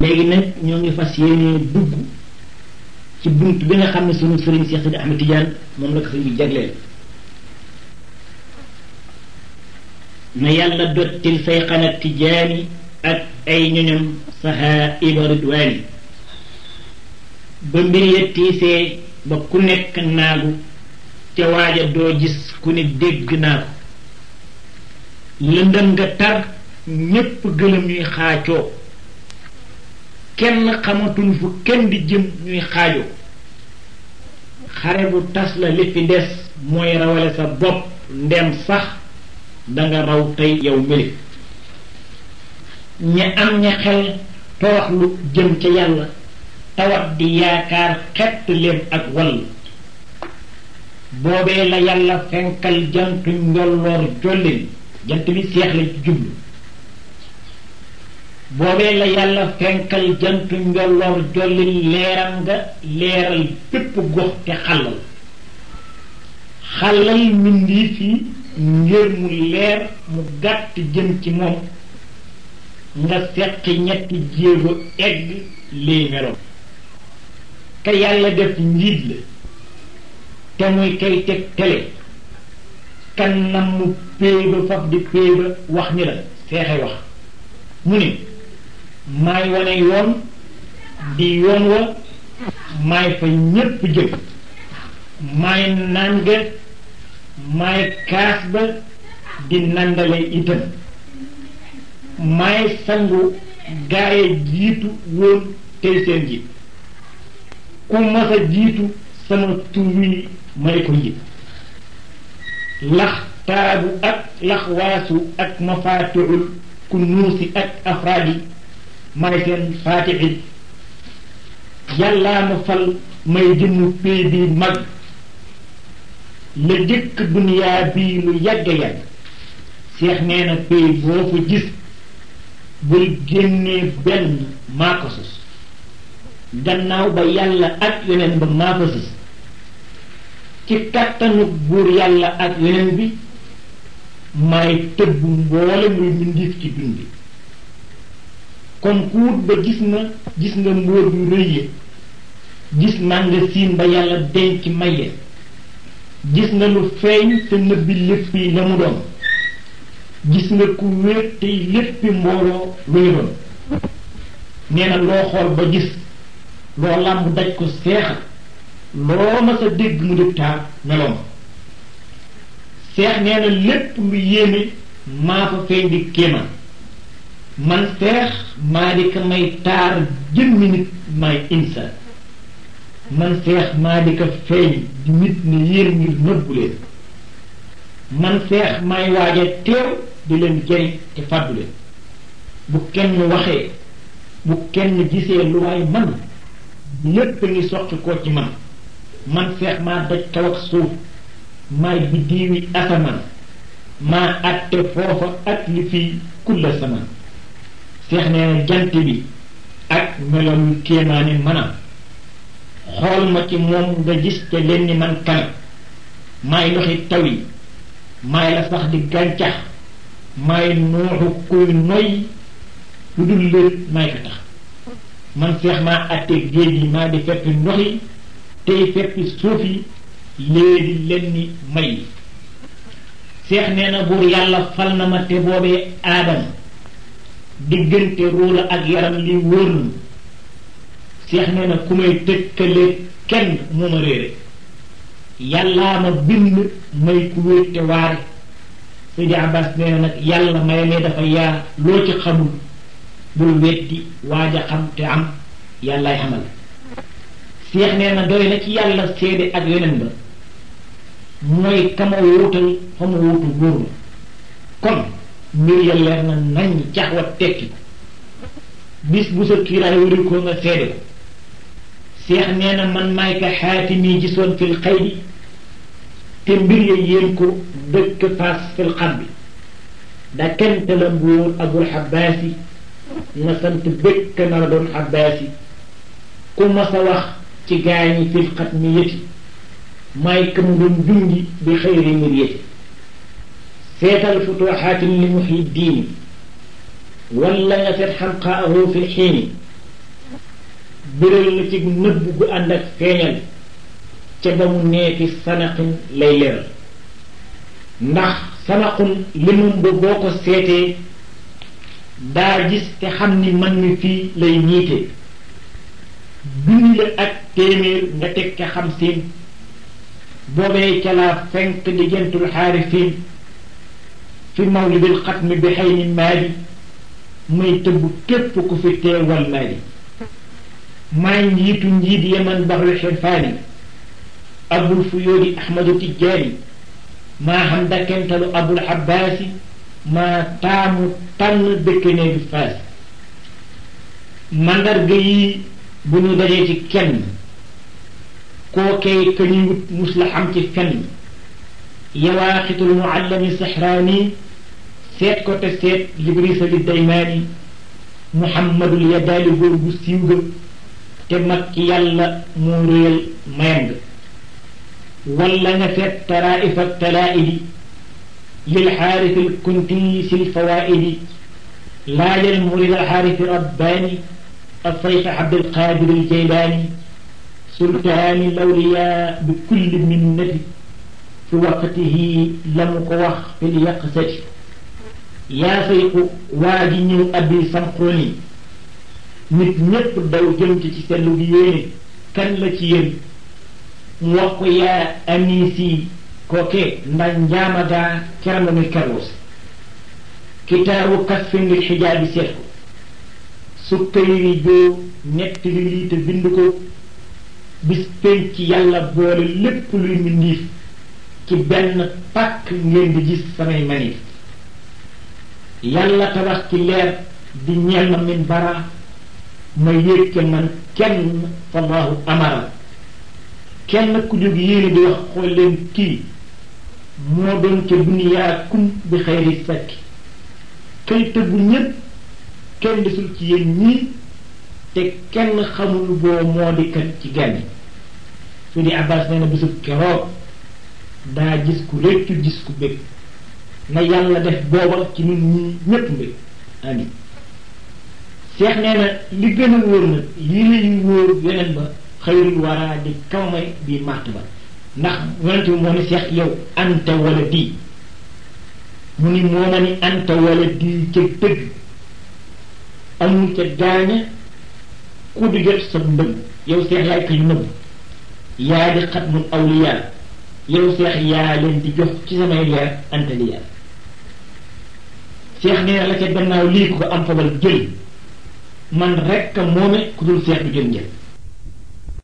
léegi nag ñoo ngi fas yéenee dugg ci bunt bi nga xam ne sunu sëriñ Cheikh Sidi Ahmed moom la ko sëriñ bi jagleel na yàlla dottil say xanat tijaani ak ay ñoñom saha iba ridwaani ba mbir ya tiisee ba ku nekk naagu te waaja doo gis ku ne dégg naa ko lëndëm nga tar ñépp gëlëm ñuy xaacoo kenn xamatuñ fu kenn di jëm ñuy xaajo xare bu tas la li fi des mooy rawale sa bopp ndem sax danga raw tey yow meli ña am ña xel torox jëm ca yàlla tawat di yaakaar xett leen ak wall boobee la yàlla fenkal jantu njolloor jollin jant bi seex la boobee la yàlla fenkal jantu njolloor jollil leeram nga leeral bépp gox te xàllal xàllal mbindiif yi ngir mu leer mu gàtt jëm ci moom nga seqi ñetti jéego egg lii meloon ka yàlla def njiit la te muy kay teg tele kan nam mu péeba faf di péeba wax ni la seexe wax mu ne maay wane yoon di yoon wa maay fa ñépp jëm maay naan ga maay kaas ba di nandale itam maay sangu gaaye jiitu woon tey seen ji ku mas jiitu sama tur wi may ko ji lax taabu ak laxwaasu ak mafaatixul ku nuusi ak afraadi malaken faatixi yàllaa ma fal may jëmm pay bi mag la dëkk duniyaa bii lu yàgg yàgg seex nee na pay boo fa gis bul génnee benn maa gannaaw ba yàlla ak yeneen ba maa ci kàttanu buur yàlla ak yeneen bi maay tëbb mboolem lu mu ci dund kon ku ba gis na gis nga mbóor yu rëy gis màngasin ba yàlla denc maye gis nga lu feeñ te nëbbi lépp yi la mu doon gis nga ku wéet te léppi mbooloo wéeroon nee na loo xool ba gis loo làmb daj ko seexa loo ma sa dégg mu dëpp taar meloom seex nee na lépp lu yéeme maa fa feeñ di kéemaan man feex maa di ka may taar jëmmi nit may insa man feex maa di ka feeñ di nit ni yéer ngir nëbbu man feex may waaja teew di leen jëriñ te fàddu bu kenn waxee bu kenn gisee lu waay man lépp ngi soqi ko ci man man feex maa daj kaw ak suuf maay biddiiwi asamaan maa àtte foofa ak li fii kulla samaan feex ne jant bi ak meloom kéemaani maanaam xool ma ci moom nga gis te leen ni man kan maay ndoxi taw yi maay la sax di gàncax maay nooxu kuy noy lu dul léet maay ka tax man feex maa àtte géej yi maa di feppi ndox yi tey feppi suuf yi léegi leen ni may yi seex nee na buur yàlla fal na ma te boobee aadama diggante ruula ak yaram li wóor na seex nee na ku may tëkkale kenn moo ma réere yàllaa ma bind may ku wéet te waare Seydi Abbas nee nag yàlla may ne dafa yaa loo ci xamul bul weddi waaj xam te am yàllaay xamal seex nee na doy na ci yàlla seede ak yeneen ba mooy kama wuutal xama wuutu góor la kon mbir ya leer nañ caxwat tekki bis bu sa kiiraay wëril ko nga seede ko seex nee na man maay ka xaatimi gisoon fil xaydi te mbir ya yéen ko dëkk faas fil xam bi da kenn te la mbuur abul xabbaasi na sant bëkk nara doon xabbaasi ku mas a wax ci gaañi fil xat mi yëti maay ka mu doon bi xëyri mir yëti feetal futuuxaatin li muxyi diini wala nga fet xanqaahu fi xiini biral na ci nëbb gu ànd ak feeñal ca ba mu nee fi lay leeral ndax sanaqun limum ba boo ko seetee daa gis te xam ni man mi fii lay ñiite junni la ak téeméer nga teg ca xam siin boobee ca la fenk diggantul xaarifiin fi mawlidil xatmi bi xëy ni maadi may tëbb képp ku fi teewal maadi maa njiitu njiit yeman baxlu xirfaani abul fuyoodi ahmadu tijjaani maa xam dakkentalu abul abbaasi maa taamu tànn dëkkanee bi faas mandarga yi bu ñu dajee ci kenn kookee ka ñuy wut mus la xam ci fenn yawaaxitul muallami sahraani seet ko te seet librisa li daymaani muhammadul yadaali góor gu siiw ga te mag ki yàlla moo réyal mayam ga wala nga seet taraaif ak talaa'idi lil xaaris al kunti sil fawaaidi laajal murid al xaaris rabbaani الصيف عبد القادر الجيلاني سلطان الأولياء بكل منتي في وقته لم قوخ في اليقظة yaa sayku waa ji ñëw abbi samxoon nit ñépp daw jëm ci sellu gi yéene kan la ci yéen mu wax ko yaa anisi kooke ndax njaamagaa kerama mi karwus kitaabu kasfin lil xijaabi seet ko sukkayri joo nett li lii te bind ko bis penc yàlla boole lépp luy mbindiif ci benn pàkk ngeen di gis samay manif yàlla tabax ci leer di ñeel ma min bara ma yéeg ca kenn fallahu amara kenn ku jóg yéene di wax xool leen kii moo doon ca duniyaakum bi xayri sakki kay tëggu ñépp kenn desul ci yéen ñii te kenn xamul boo moo di kan ci gànni su di abbas nee na bisub keroog daa gis ku réccu gis ku bëgg na yàlla def booba ci ñun ñii ñépp mbir amin seex nee na li gën a wóor nag lii lañuy wóor yeneen ba xayrul waraa di kaw may bii màtt ba ndax yonente moo ni seex yow anta wala di mu ni moo ma ni anta wala di ca dëgg amul ca gaaña ku di jot sa mbëgg yow seex yaay koy nëbb yaa di xatmul awliyaa yow seex yaa leen di jox ci samay leer anta liyaa seex nee la ca gannaaw lii ku ko am fabal jël man rek a moome ku dul seex du jël njël